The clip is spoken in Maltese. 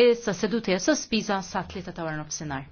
Issa seduti sospiża sa' tlieta ta' warnof sinar.